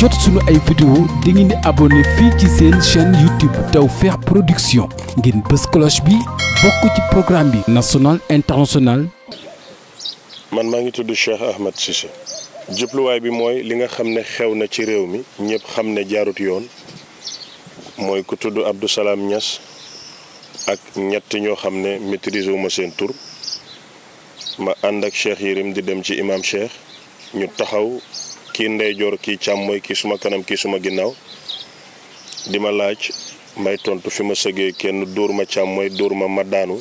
jot suñu ay vidéo da ngeen di fii ci seen chaîne YouTube Tawfekh Production ngeen bës cloche bi bokk ci programme bi national international man maa ngi tudd Cheikh Ahmed Cissé jubluwaay bi mooy li nga xam ne xew na ci réew mi ñëpp xam ne jaarut yoon mooy ku tudd Abdou Salam ak ñett ñoo xam ne maîtriser wu ma seen tur ma ànd ak Cheikh Yérim di dem ci imam Cheikh ñu taxaw kii ndeyjoor kii càmmooy kii suma kanam kii suma ginnaaw di ma laaj may tontu fi ma sëgee kenn dóor ma mooy dóor ma ma daanu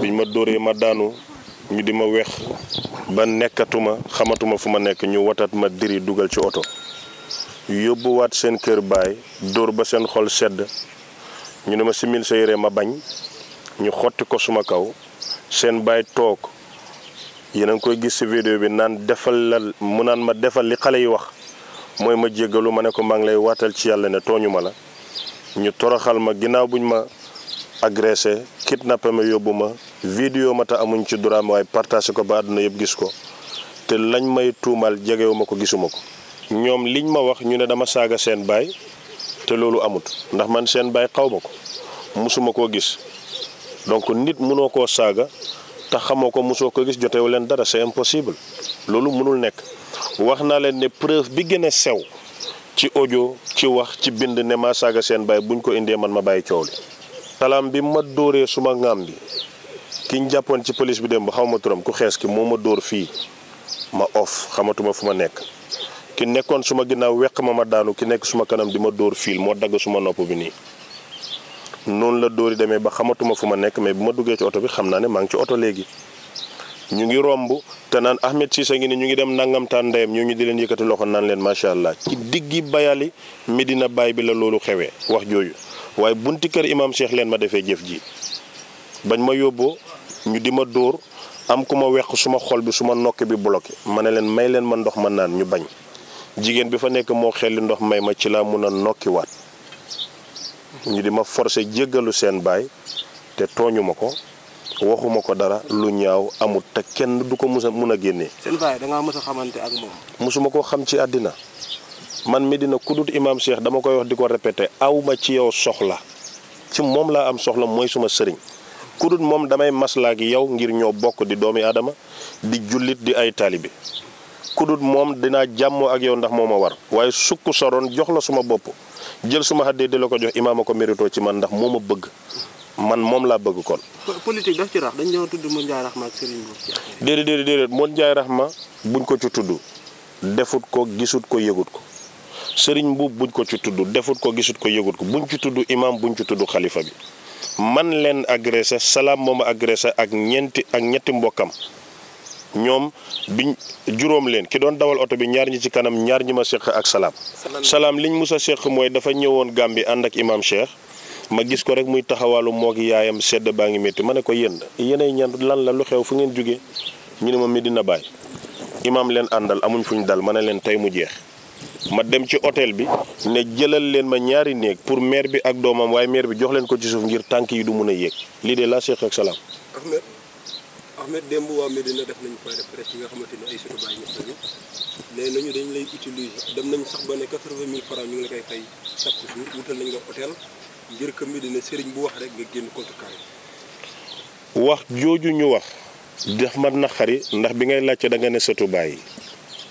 biñ ma dóoree ma daanu ñu di ma weex ba nekkatuma xamatuma fu ma nekk ñu watat ma diri dugal ci oto yóbbuwaat seen kër baay dóor ba seen xol sedd ñu ne ma simil sa yére ma bañ ñu xotti ko suma kaw seen baay toog yéen a ngi koy gis si vidéo bi naan defal la mu naan ma defal li xale yi wax mooy ma jéggalu ma ne ko maa ngi lay waatal ci yàlla ne tooñu ma la ñu toroxal ma ginnaaw buñ ma agressé kidnappé ma yóbbu ma vidéo ma te amuñ ci droit waaye partagé ko ba àdduna yëpp gis ko te lañ may tuumaal jegewuma ko gisuma ko ñoom liñ ma wax ñu ne dama saaga seen baay te loolu amut ndax man seen baay xaw ma ko mosuma koo gis donc nit mënoo koo saaga tax xamoo ko mosoo ko gis jotewu leen dara c'est impossible loolu mënul nekk wax naa leen ne preuve bi gën a sew ci ojo ci wax ci bind ne ma saaga seen baay buñ ko indee man ma bàyyi coow li talaam bi ma dóoree suma ngaam bi ki jàppoon ci police bi dem ba xaw ma turam ku xees ki moo ma dóor fii ma off xamatuma fu ma nekk ki nekkoon suma ginnaaw weq ma ma daanu ki nekk suma kanam di ma dóor fiil moo dagg suma nopp bi nii noonu la dóori demee ba xamatuma fu ma nekk mais bu ma duggee ci oto bi xam naa ne maa ngi ci oto léegi ñu ngi romb te naan Ahmed Cissé ngi ni ñu ngi dem nangamtaan ndeyam ñoo ñu di leen yëkkati loxo naan leen macha allah ci diggi bayali dina Baay bi la loolu xewee wax jooju waaye bunti kër imaam Cheikh leen ma defee jëf ji bañ ma yóbboo ñu di ma dóor am ku ma weq suma xol bi suma nokk bi bloqué ma ne leen may leen ma ndox ma naan ñu bañ jigéen bi fa nekk moo xelli ndox may ma ci laa mun a ñu di ma forcer jéggalu seen baay te tooñuma ko waxuma ko dara lu ñaaw amut te kenn du ko mës a mun a génnee. seen baay da ngaa mës a xamante ak moom. mosuma ko xam ci àddina man mi dina kudut imaam Cheikh dama koy wax di ko répété awma ci yow soxla ci moom laa am soxla mooy suma sëriñ kudut moom damay maslaa gi yow ngir ñoo bokk di doomi aadama di jullit di ay taalibe kudut moom dinaa jàmmoo ak yow ndax moo ma war waaye sukk sa jox la suma bopp. jël suma xaddee di la ko jox imaam a ko mérito ci man ndax moo ma bëgg man moom laa bëgg kon. politique daf ci rax dañ doon tudd Modou Ndiaye Rahma ak Serigne Mboup. déedéet déedéet déedéet Modou Ndiaye buñ ko ci tudd defut ko gisut ko yëgut ko Serigne Mboup buñ ko ci tudd defut ko gisut ko yëgut ko buñ ci tudd imaam buñ ci tudd xalifa bi man leen agressé salaam moom agressé ak ñeenti ak ñetti mbokkam. ñoom biñ juróom leen ki doon dawal oto bi ñaar ñi ci kanam ñaar ñi ma seq ak salaam. salaam liñ mus a seq mooy dafa ñëwoon bi ànd ak imaam Cheikh. ma gis ko rek muy taxawaalu moog yaayam sedd baa ngi métti ma ne ko yéen yeneen ñan lan la lu xew fu ngeen jógee ñu ne ma Medina Baay imaam leen àndal fu ñu dal ma ne leen tey mu jeex. ma dem ci hôtel bi ne jëlal leen ma ñaari néeg pour meer bi ak doomam waaye maire bi jox leen ko ci suuf ngir tànk yi du mun a yéeg lii de laa seq salaam. Ahmed démb waa Medina def nañu point de presse yi nga xamante ni ay suñu bàyyi ñëpp nañu dañ lay utiliser dem nañ sax ba ne 80 000 francs ñu ngi la koy fay chaque jour wutal nañ la hôtel ngir que Medina sëriñ bu wax rek nga génn contrecarré. wax jooju ñu wax. daf ma naqari ndax bi ngay laajte da nga ne sëtu bàyyi.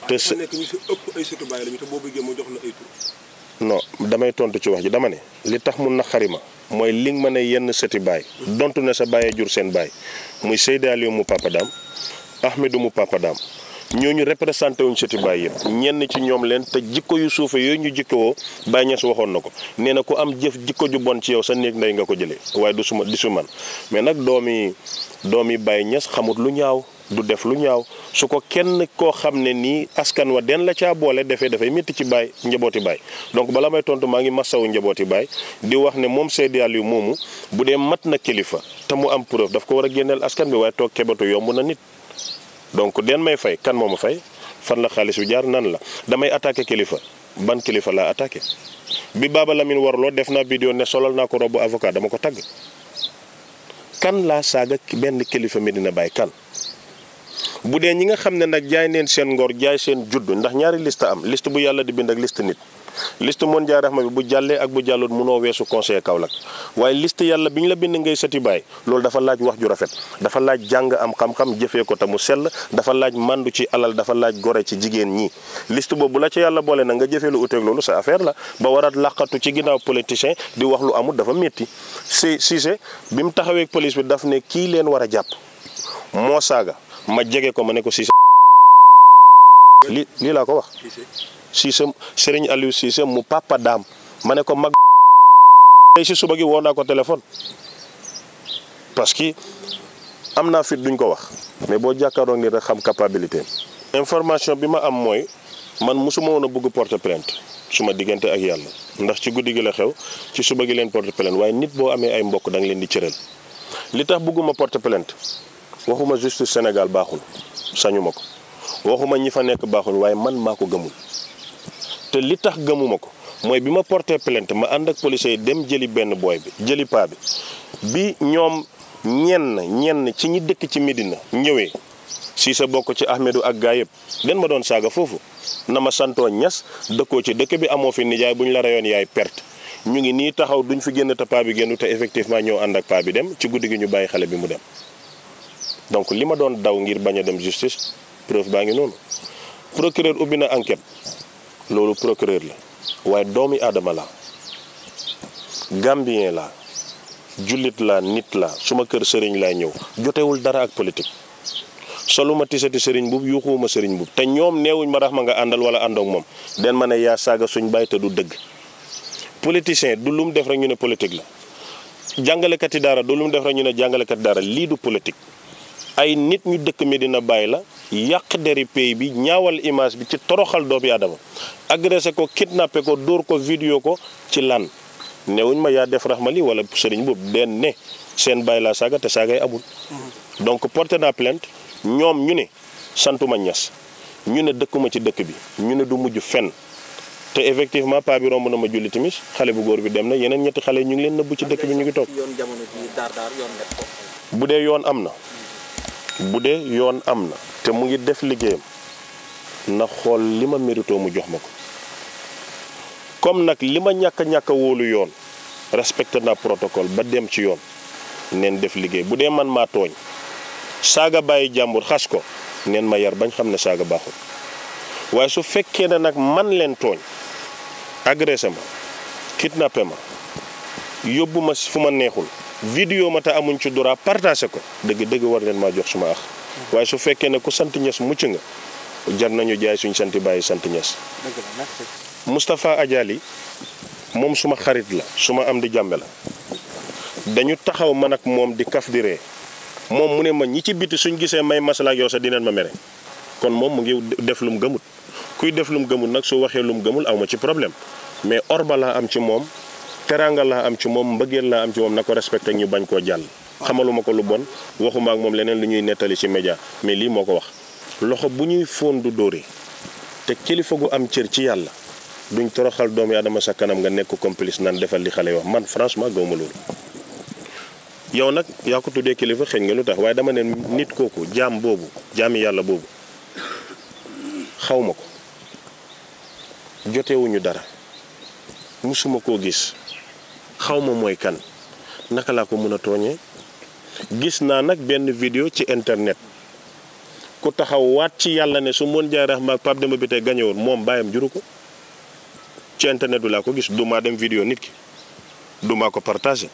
te se nekk ñu si ëpp ay sëtu bàyyi lañu te boo bëggee ma jox la ay tur. damay tontu ci wax ji dama ne. li tax mu naqari ma. mooy li nga ma ne yenn sëti bàyyi. Mm-hmm. dont ne sa bàyyi jur seen bàyyi. muy Seydi Aliou mu Papa Dame Ahmedou mu Papa Dame ñooñu représenté wuñ sëti Baay yëpp ñenn ci ñoom leen te jikko yu suufe yooyu ñu jikkowoo Baay Ñas waxoon na ko nee na ku am jëf jikko ju bon ci yow sa néeg ndey nga ko jëlee waaye du suma di su man mais nag doomi doomi Baay Ñas xamut lu ñaaw du def lu ñaaw su ko kenn koo xam ne nii askan wa den la caa boole defee dafay métti ci baay njabooti baay donc bala may tontu maa ngi masawu njabooti baay di wax ne moom Seydi Aliou moomu bu dee mat na kilifa te mu am preuve daf ko war a génneel askan bi waaye toog kebatu yomb na nit donc den may fay kan moo ma fay fan la xaalis bi jaar nan la damay attaqué kilifa ban kilifa laa attaqué bi Baba Lamine warloo def naa vidéo ne solal naa ko robb avocat dama ko tagg kan laa saaga benn kilifa Medina Baye bu dee ñi nga xam ne nag jaay neen seen ngor jaay seen judd ndax ñaari liste am list bu yàlla di bind ak liste nit liste mondial rahma bi bu jàllee ak bu jàllul mënoo weesu conseil Kaolack waaye list yàlla bi ñu la bind ngay sëti baay loolu dafa laaj wax ju rafet dafa laaj jàng am xam-xam jëfee ko te mu sell dafa laaj màndu ci alal dafa laaj gore ci jigéen ñi. list boobu la ca yàlla boole na nga jëfee lu uteeg loolu sa affaire la ba waraat làqatu ci ginnaaw politicien di wax lu amul dafa métti si Cissé bi mu taxawee police bi daf ne kii leen war a jàpp saaga. ma jege ko ma ne ko Cissé. li lii laa ko wax. Cissé Serigne Aliou Cissé mu papa daam ma ne ko mag. tey si suba gi woo naa ko téléphone parce que am naa fit duñ ko wax. mais boo jàkkaaroon ni rek xam capabilité information bi ma am mooy man mosuma woon a bugg porte plainte su ma diggante ak yàlla ndax ci guddi gi la xew ci suba gi leen porte plainte waaye nit boo amee ay mbokk da leen di cëral li tax bëgguma porte plaint waxuma juste senegal baaxul sañu ma ko waxuma ñi fa nekk baaxul waaye man maa ko gëmul te li tax gëmuma ko mooy bi ma porté plainte ma ànd ak policiers dem jëli benn booy bi jëli paa bi bi ñoom ñenn ñenn ci ñi dëkk ci Medina ñëwee sii sa bokk ci Ahmedou ak gaa yëpp den ma doon saaga foofu na ma santoo ñas dëkkoo ci dëkk bi amoo fi nijaay bu ñu la rayoon yaay perte ñu ngi nii taxaw duñu fi génn te paa bi génnu te effectivement ñëw ànd ak paa bi dem ci guddi gi ñu bàyyi xale bi mu dem donc li ma doon daw ngir bañ a dem justice preuve baa ngi noonu procureur ubbi na enquête loolu procureur la waaye doomi aadama la gambien la jullit la nit la suma kër sëriñ laay ñëw jotewul dara ak politique soluma tisati sëriñ buub yuuxuwuma sëriñ buub te ñoom neewuñ ma rax ma nga àndal wala àndoog moom den ma ne yaa saaga suñ bàyyi te du dëgg politicien du lum def rek ñu ne politique la jàngalekat yi daara du lum def rek ñu ne jàngalekat daara lii politique ay nit ñu dëkk mi dina Baye la yàq deri pays bi ñaawal image bi ci toroxal doomu yaadama agressé ko kidnappé ko dóor ko vidéo ko ci lan newuñ ma yaa def raxmali wala sëriñ boobu den ne seen baay laa saaga te saagay abul donc porté naa plainte ñoom ñu ne santuma ñas ñu ne dëkkuma ci dëkk bi ñu ne du mujj fen te effectivement paa bi romb na ma julli timis xale bu góor bi dem na yeneen ñetti xale ñu ngi leen nëbbu ci dëkk bi ñu ngi toog bu dee yoon am na bu dee yoon am na te mu ngi def liggéeyam na xool li ma mérito mu jox ma ko comme nag li ma ñàkk a ñàkk a wóolu yoon respecté naa protocole ba dem ci yoon neen def liggéey bu dee man maa tooñ saaga bàyyi jàmbur xas ko neen ma yar bañ xam ne saaga baaxul waaye su fekkee ne nag man leen tooñ agressé ma kidnappé ma yóbbu ma fu ma neexul vidéo ma te amuñ ci droit partagé ko dëgg dëgg war leen maa jox suma ax waaye su fekkee ne ku sant ñes mucc nga jar nañu jaay suñ sant bàyyi sant ñes Moustapha Adiali moom suma xarit la su ma am di jàmbe la dañu taxaw ma nag moom di kaf di ree moom mu ne ma ñi ci biti suñ gisee may masala ak yow sax dinañ ma mere kon moom mu ngi def lu gëmut kuy def lu mu gëmut nag su waxee lu gëmul aw ma ci problème mais orba laa am ci moom teraanga laa am ci moom mbëggeel laa am ci moom na ko respecté ñu bañ koo jàll. xamaluma ko lu bon waxuma ak moom leneen lu ñuy nettali ci média mais lii moo ko wax. loxo bu ñuy fóon du dóore te kilifa gu am cër ci yàlla duñ toroxal doom aadama sa kanam nga nekk complice nan defal li xale wax man franchement gawma loolu. nag yaa ko tuddee kilifa xëy nga lu tax waaye dama ne nit kooku jaam boobu jaami yàlla boobu xaw ma ko jotewuñu dara musuma koo gis. xawma mooy kan naka laa ko mën a tooñee gis naa nag benn vidéo ci internet ku taxaw waat ci yàlla ne su moon jaay raxma ak Pape Demba Biteye gañe woon moom bàyyam juru ko ci internet bi laa ko gis dumaa dem vidéo nit ki dumaa ko partagé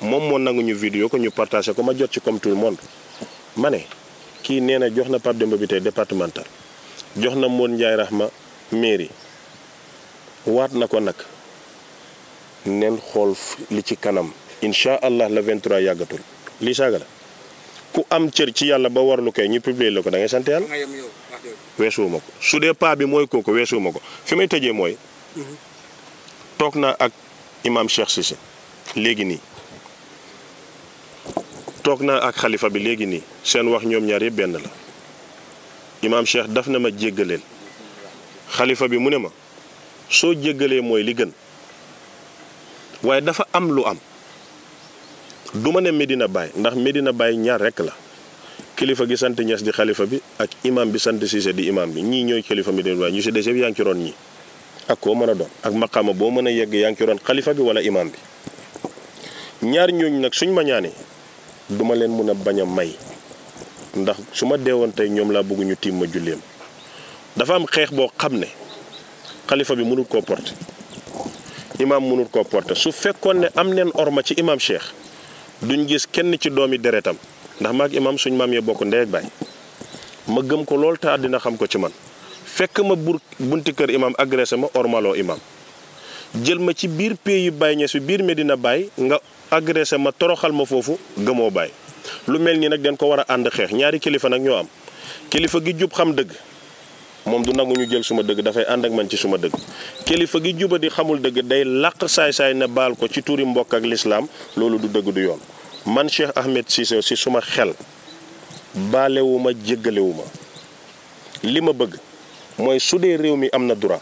moom moo nangu ñu vidéo ko ñu partagé ko ma jot ci comme tout monde ma ne kii nee na jox na Pape Demba Biteye départemental jox na moon jaay raxma mairie waat na ko nag neen xool li ci kanam incha allah le 23 yàggatul lii saaga la ku am cër ci yàlla ba warlu koy ñu publier la ko dangay ngay sant yàlla weesuwuma ko su dee pas bi mooy kooku weesuwuma ko fi may tëjee mooy mhm. toog naa ak imam Cheikh Cissé léegi nii toog naa ak xalifa bi léegi nii seen wax ñoom ñaar yëpp benn la imaam Cheikh daf na ma jéggaleel xalifa bi mu ne ma soo jéggalee mooy li gën waaye dafa am lu am duma ma ne Medina Baye ndax Medina Baye ñaar rekk la kilifa gi sant ñes di xalifa bi ak imam bi sant Cissé di imam bi ñii ñooy kilifa Medina Baye ñu si des yëpp yaa ngi ci roon ñi ak koo mën a doon ak maqaama boo mën a yegg yaa ngi ci roon xalifa bi wala imam bi ñaar ñooñu nag suñ ma duma leen mën a bañ a may ndax su ma deewoon tey ñoom laa bëgguñu tiim ma julleem dafa am xeex boo xam ne xalifa bi mënul koo porter imaam mënul koo porter su fekkoon ne am neen orma ci imaam Cheikh duñ gis kenn ci doom doomi deretam ndax maag imaam suñ maam yee bokk ndey ak baay ma gëm ko lool te àddina xam ko ci man fekk ma bur bunti kër imaam agressé ma ormaloo imaam jël ma ci biir pays yu Baay Ñas bi biir Medina Baay nga agressé ma toroxal ma foofu gëmoo Baay lu mel nii nag dañ ko war a ànd xeex ñaari kilifa nag ñoo am kilifa gi jub xam dëgg moom du nangu ñu jël suma dëgg dafay ànd ak man ci suma dëgg kilifa gi juba di xamul dëgg day làq saay-saay ne baal ko ci tuuri mbokk ak lislaam loolu du dëgg du yoon man Cheikh Ahmed Cissé si suma xel baalewuma jéggalewuma li ma bëgg mooy su dee réew mi am na droit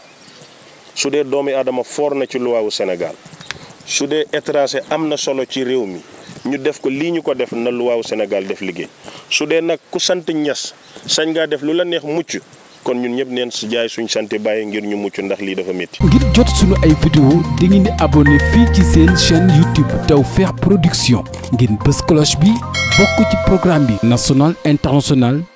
su dee doomi aadama foor na ci lu luwaawu Sénégal su dee étranger am na solo ci réew mi ñu def ko lii ñu ko def na lu luwaawu Sénégal def liggéey su dee nag ku sant ñas sañ ngaa def lu la neex mucc kon ñun ñëpp neen si jaay suñu santé bàyyi ngir ñu mucc ndax lii dafa métti. ngir jot suñu ay vidéo di ngeen di abonné fii ci seen chaîne YouTube Tawfekh Production ngeen bës cloche bi bokk ci programme bi national international